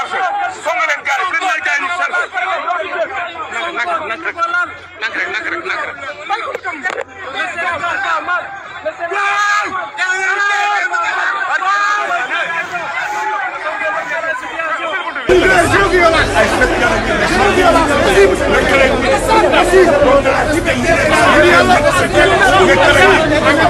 sarfe foog nga leen gaale gën naa jaay ñu sarfe nak nak rek nak rek nak rek nak rek